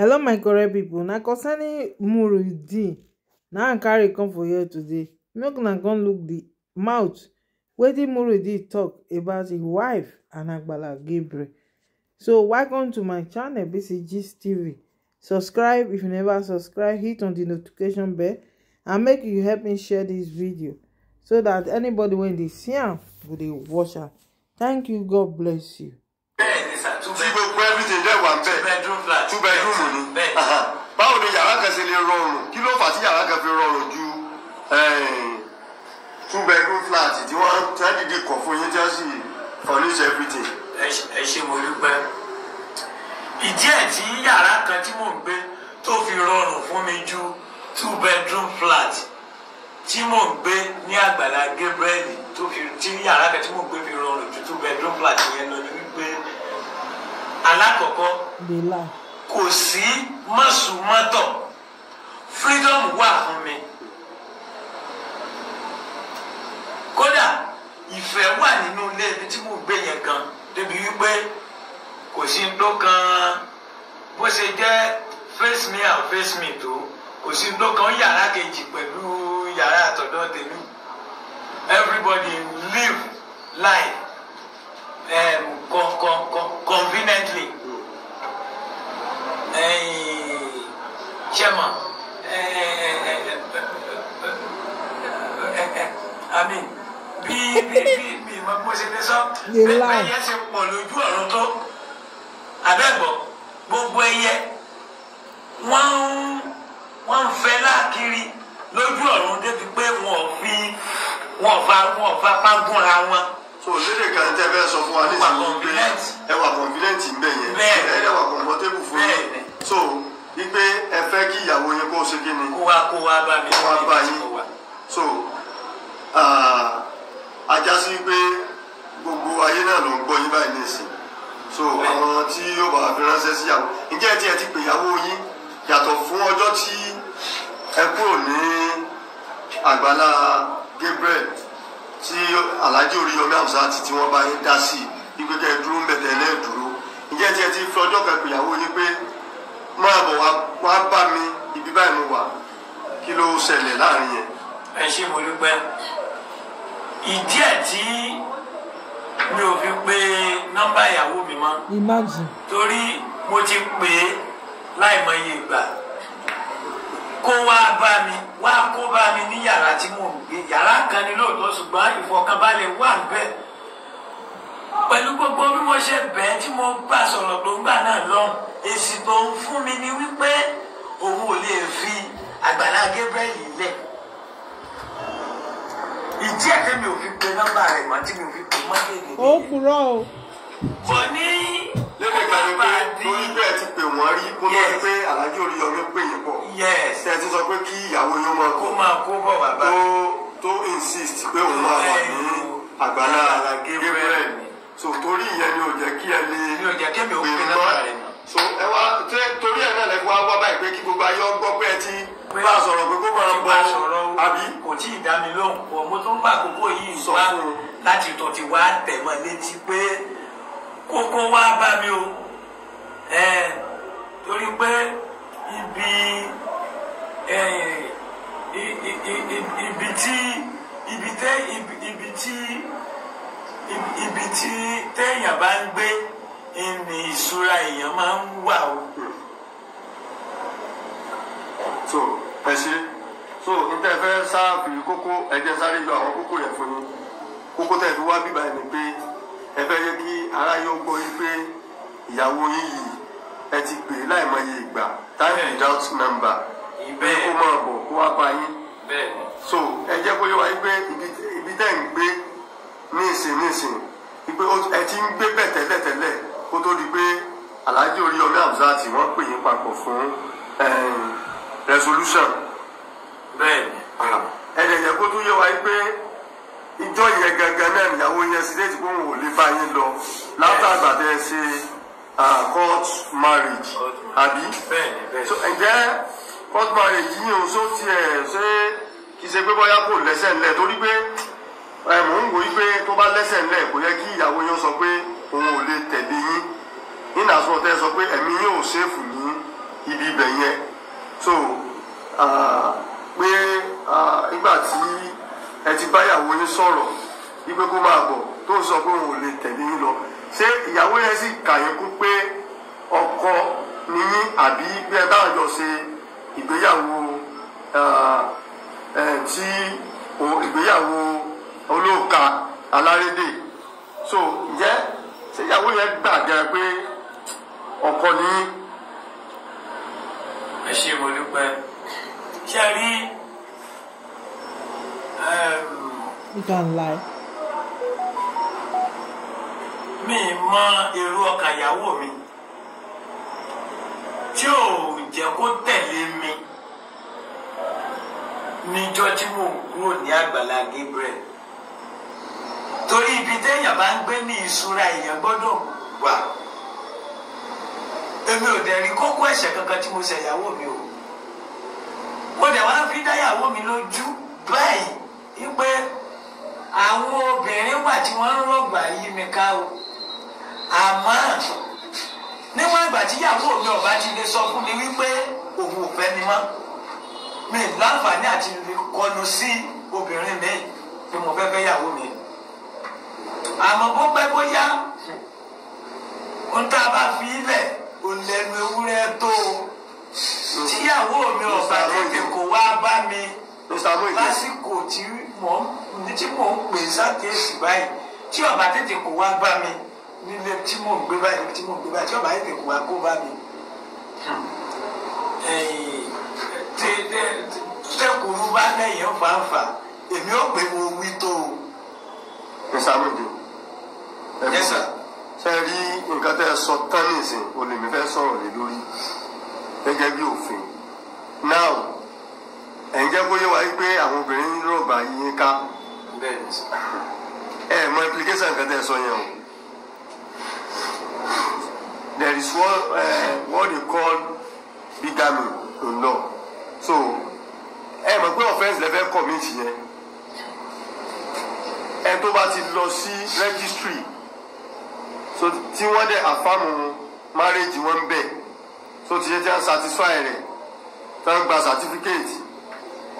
hello my correct people. Now, concerning murideen now i carry come for here today make una go look the mouth Where did murideen talk about his wife anagbala gabriel so welcome to my channel BCG tv subscribe if you never subscribe hit on the notification bell and make you help me share this video so that anybody when they see am go dey watch am thank you god bless you bẹ́dúrúmù báwo ni yàrá kan ṣe lè rọrùn kí ló fà á yàrá kan fi rọrùn ju two bedroom flat tí wọ́n tẹ́ dìde kọ̀ fún yín tí wọ́n sì furnish everything. ẹ ṣe mo dúpẹ́ ìdí ẹ̀ tí yàrá kan tí mò ń gbé tó fi rọrùn fún mi ju two bedroom flat tí mò ń gbé ní àgbàlá Gabriel tó fi tí yàrá kan tí mò ń gbé fi rọrùn ju two bedroom flat yẹn lọ ni wípé alákọ̀ọ́kọ́ kò sí mọ̀sùmọ́tọ̀ freedom wà fún mi kódà ìfẹ́ wà nínú ilé ibi tí mo gbé yẹn gan débi wípé kò sí tó kan bó ṣe jẹ́ face me and face me tó kò sí tó kan yàrá kejì pẹ̀lú yàrá àtọ̀dọ̀ tèmi everybody live life um, con con con conveniently chairman i mean bí bí bí bí mo ṣe fi sọ bẹ́ẹ̀ yẹn ṣe pọ̀ lójú ọ̀run tó abẹ́gbọ̀ gbogbo ẹyẹ wọ́n ń wọ́n ń fẹ́ láàkiri lójú ọ̀run débi pé wọ́n fi wọ́n fa wọ́n fa fágúnra wọn fẹ́ sọ fún wa nísìnyí pé ẹ wà confident ń bẹ̀ yẹn ẹ dẹ̀ wà comfortable fún yín so wípé ẹ fẹ́ kí ìyàwó yẹn kó o ṣe kí ni kó wá kó wá bá mi kó wá bá yín so ajásí pé gbogbo ayé náà ló ń gbọ́ yín báyìí nìsín so àwọn tí yóò bá fi ránṣẹ́ sí ìyàwó ǹjẹ́ ẹ ti ẹ ti pè ìyàwó yín yàtọ̀ fún ọjọ́ tí ẹ kúrò ní àgbàlá Gabriel tí alhaji oríyọmí hamsat tí wọ́n bá yín dá sí ipe kẹ́ ẹ dúró ń bẹ̀tẹ̀ lẹ́ẹ̀dúró ǹjẹ́ tí ẹ ti fi ọjọ́ kan pèyàwó yín pé máa bọ̀ wá bá mi ibi báyìí mo wà kí ló ṣẹlẹ̀ láàrin yẹn. ẹ ṣe mo dúpẹ́ ìdí ẹ̀ tí mi ò fi pé nọ́mbà ìyàwó mi mọ́ torí mo ti pè é láìmọye ìgbà kó wá bá mi wá kó bá mi ní yàrá tí mò ń gbé yàrá kan ni lóòótọ́ ṣùgbọ́n ìfọ̀kànbalẹ̀ wà níbẹ̀ pẹ̀lú gbogbo bí mo ṣe bẹ́ẹ̀ tí mo bá sọ̀rọ̀ tó ń gbà náà lọ èsì tó ń fún mi ni wípé òun ò lè fi àgbàlá Gabriel lẹ̀ ìdí ẹ̀ tẹ́mi ò fi pe nọ́mbà rẹ̀ mọ́ tí mi ò fi pe mọ́ kéde ó kúrò o. ní wọ́n rí kó lọ rí pé alájú Oríyọmí pè yín pọ̀ ẹ ti sọ pé kí ìyàwó yín máa kó máa kó bọ̀ bàbá tó tó insist pé òun máa wà ní àgbàlá Gabriel so torí ìyẹn ni ò jẹ́ kí ẹ lè pè mọ́ so ẹ wá torí ẹ náà lẹ wá wá báyìí pé kí gbogbo ayé ọ gbọ́ pé ẹ ti bá a sọ̀rọ̀ pé kó máa bọ àbí. kò tí ì dá mi lóhùn ọmọ tó ń bá àkókò yìí wá láti tọ́ ti wá tẹ̀ mọ́ létí pé kókó wá bá mi o torí pé ibi ibi tí ibi tẹ ibi tí ibi tí téèyàn bá ń gbé ni ìṣúra èèyàn máa ń wà o. so ẹ ṣe so níta fẹ́ sáàpì kókó ẹ̀jẹ̀ sáré lọ àwọn kókó yẹn fún yín kókó tẹ̀ fi wá bíbá ẹni pé ẹ fẹ́ yẹ kí ara yóò gbọ́ yín pé ìyàwó yín yìí ẹ ti pè é láìmọye ìgbà time without number pé kó máa bọ̀ kó wá bá yín so ẹ jẹ́ kó yé wa pé ibi tẹ́ ń gbé ní ìsìn ní ìsìn pé ẹ ti ń gbé bẹ́ẹ̀ tẹ́lẹ̀ tẹ́lẹ̀ kó tó di pé Alhaji Oríyọmí Hamzat wọ́n pè yín papọ̀ fún resolution ẹ lè yẹ kó tún yé wa pé ìjọ yẹn gangan náà ìyàwó yẹn sílẹ̀ tí kò ń wò lè bá yín lọ látàgbà tẹ́ ẹ ṣe. Ah, court marriage àbí so ǹjẹ́ court marriage yìí o so tiẹ̀ ṣé kì í ṣe pé bóyá kò lẹ́sẹ̀ ńlẹ̀ torí pé mò ń wòye pé tó bá lẹ́sẹ̀ ńlẹ̀ kò yẹ kí ìyàwó yín sọ pé òun ò lè tẹ̀lé yín nínú àsọ tẹ́ sọ pé ẹ̀mí yín ò ṣèfù ní ibi ibẹ̀ yẹn so pé nígbà tí ẹ ti báyàwó yín sọ̀rọ̀ wípé kó máa bọ̀ tó sọ pé òun ò lè tẹ̀lé yín lọ ṣé ìyàwó yẹn sì kàyékú pé ọkọ ni yín àbí bí ẹ báwọn jọ ṣe ìgbéyàwó tí ìgbéyàwó olóòka alárédè so ǹjẹ́ ṣé ìyàwó yẹn gbàgbé pé ọkọ ni yín. ẹ ṣe mo dúpẹ́ ṣe rí. you can lie. mi mọ èrò ọkà ìyàwó mi tí ò jẹ́ kó tẹ̀lé mi níjọ́ tí mò ń kúrò ní àgbàlá Gabriel torí ibi téèyàn bá ń gbé ní ìṣúra èèyàn gbọ́dọ̀ wà èmi ò dẹ̀ rí kókó ẹ̀ṣẹ̀ kankan tí mo ṣe ìyàwó mi o mo dẹ̀ wá fi dáyàwó mi lójú báyìí wípé àwọn obìnrin wà tí wọ́n ń rọ̀gbà yí mi ká o. àmọ́ níwọ̀n ìgbà tíyàwó mi ọ̀bá ti lè sọ fún mi wípé òun ò fẹ́ mi mọ́ mi láǹfààní àti kọlu sí obìnrin mi pé mo fẹ́ fẹ́ yàwó mi àmọ́ bó pẹ́ bóyá ń tá a bá fi ilẹ̀ òlẹ́nu ewúrẹ́ tó tíyàwó mi ọ̀bá tètè kò wá bá mi lásìkò tí mò ń pè sákèésì báyìí tí ọ̀bá tètè kò wá bá mi nílé tí mò ń gbé báyìí tí mò ń gbé báyìí tí o yìí kò wá kó bá mi. Hmm. Eh, tẹkùrú bá lẹ́yìn ọ̀fàǹfà èmi ò pé mo wí tó o. mr amudu yes sir ṣe rí nǹkan tẹ́ ẹ sọ tán nìsín olèmí fẹ́ sọ̀rọ̀ lé lórí gẹ́gẹ́ bí òfin now ẹ̀ ń jẹ́ bóyá wáyé pé àwọn obìnrin ń rọ̀bà yín ká ẹ̀ mọ implication nǹkan tẹ́ ẹ sọ yẹn o there is one uh, what they call bigamy in law so ẹ mọ̀ pé offence level commit yẹn ẹ tó bá ti lọ sí registry so tí wọ́n dẹ̀ àfàmù marriage wọn ń so ti ṣe ti ń satisfy rẹ̀ tó ń gba certificate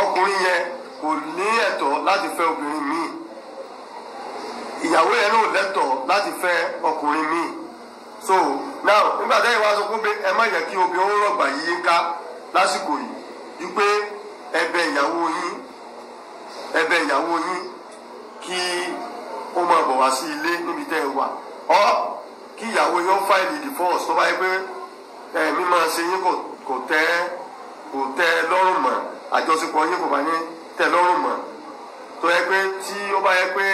ọkùnrin yẹn kò ní ẹ̀tọ́ láti fẹ́ obìnrin míì ìyàwó yẹn náà lẹ́tọ̀ọ́ láti fẹ́ ọkùnrin míì so now nígbà tẹ́yìn wá sọ fún mi ẹ má yẹ kí obìnrin ó rọ̀gbà yíyí ká lásìkò yìí wípé ẹ̀bẹ̀ ìyàwó yín ẹ̀bẹ̀ ìyàwó yín kí ó máa bọ̀ wá sí ilé níbi tẹ́ ẹ wà ọ́ kí ìyàwó yín ó fáìlì divorce tó bá yẹ pé ẹ̀mí máa ṣe yín kò tẹ́ kò tẹ́ lọ́rùn mọ́ àjọṣepọ̀ yín kò bá yín tẹ́ lọ́rùn mọ́ tó yẹ pé tí ó bá yẹ pé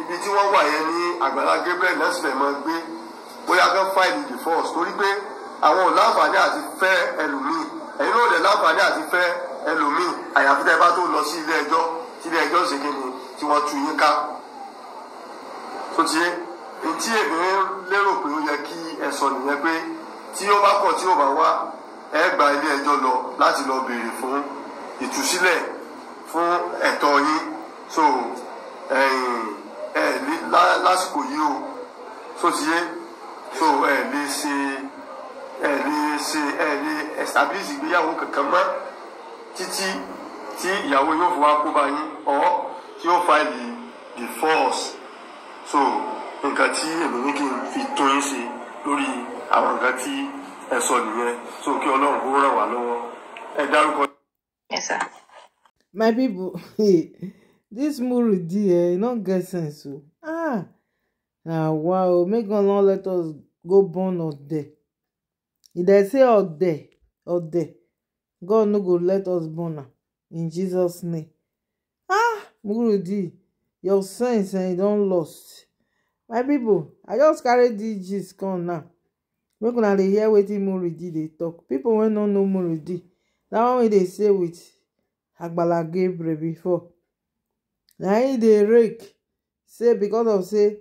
ibi tí wọ́n wà yẹn ní àgbàlá Gabriel náà máa gbé bóyá fẹ́ fáìlì divorce torí pé àwọn ò láǹfààní àti fẹ́ ẹlòmíì ẹ̀yin náà ò dẹ̀ láǹfààní àti fẹ́ ẹlòmíì àyàfi tẹ́ bá tó lọ sí ilé ẹjọ́ tí ilé ẹjọ́ ṣe ni tí wọ́n tú yín ká tó ti yé etí èmi lérò pé ó yẹ kí ẹ sọ nìyẹn pé tí ó bá kọ̀ tí ó bá wá ẹ gba ilé ẹjọ́ lọ láti lọ béèrè fún ìtúsílẹ̀ fún ẹ̀tọ́ yín so ẹ ẹ lásìkò yìí o so ti yé so ẹ lè ṣe ẹ lè ṣe ẹ lè establish ìgbéyàwó kankan mọ́ títí tí ìyàwó yóò fọwọ́ kó bá yín ọ́ tí yóò fa ìdí divorce so nǹkan tí èmi ní kí n fi tún yín ṣe lórí àwọn nǹkan tí ẹ sọ nìyẹn so kí ọlọ́run kó ràn wá lọ́wọ́ ẹ dárúkọ. Yes, sir. My people, this this Muridi, eh, no get sense. so oh. Ah, na ah, wow! o make god no let us go born ode if They say ode ode god no go let us born am in jesus name ah murudi your sense eh, don lost my people, i just carried this gist come now make una hear wetin muridi dey tok pipo wey no know muridi That one wey dey say with agbala gabriel before now im dey rake say because of say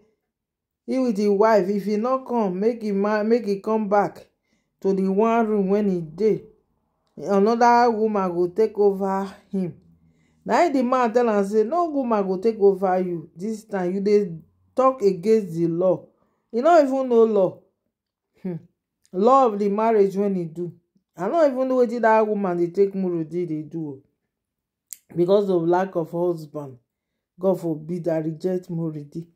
he with the wife if he no come make him make he come back to the one room wen e dey anoda woman go take over him na if di man tell am say no woman go take over you this time you dey talk against the law You no even know law hmm. law of the marriage when e do i no even know wetin that woman dey take murudi dey do o because of lack of husband god forbid i reject murudi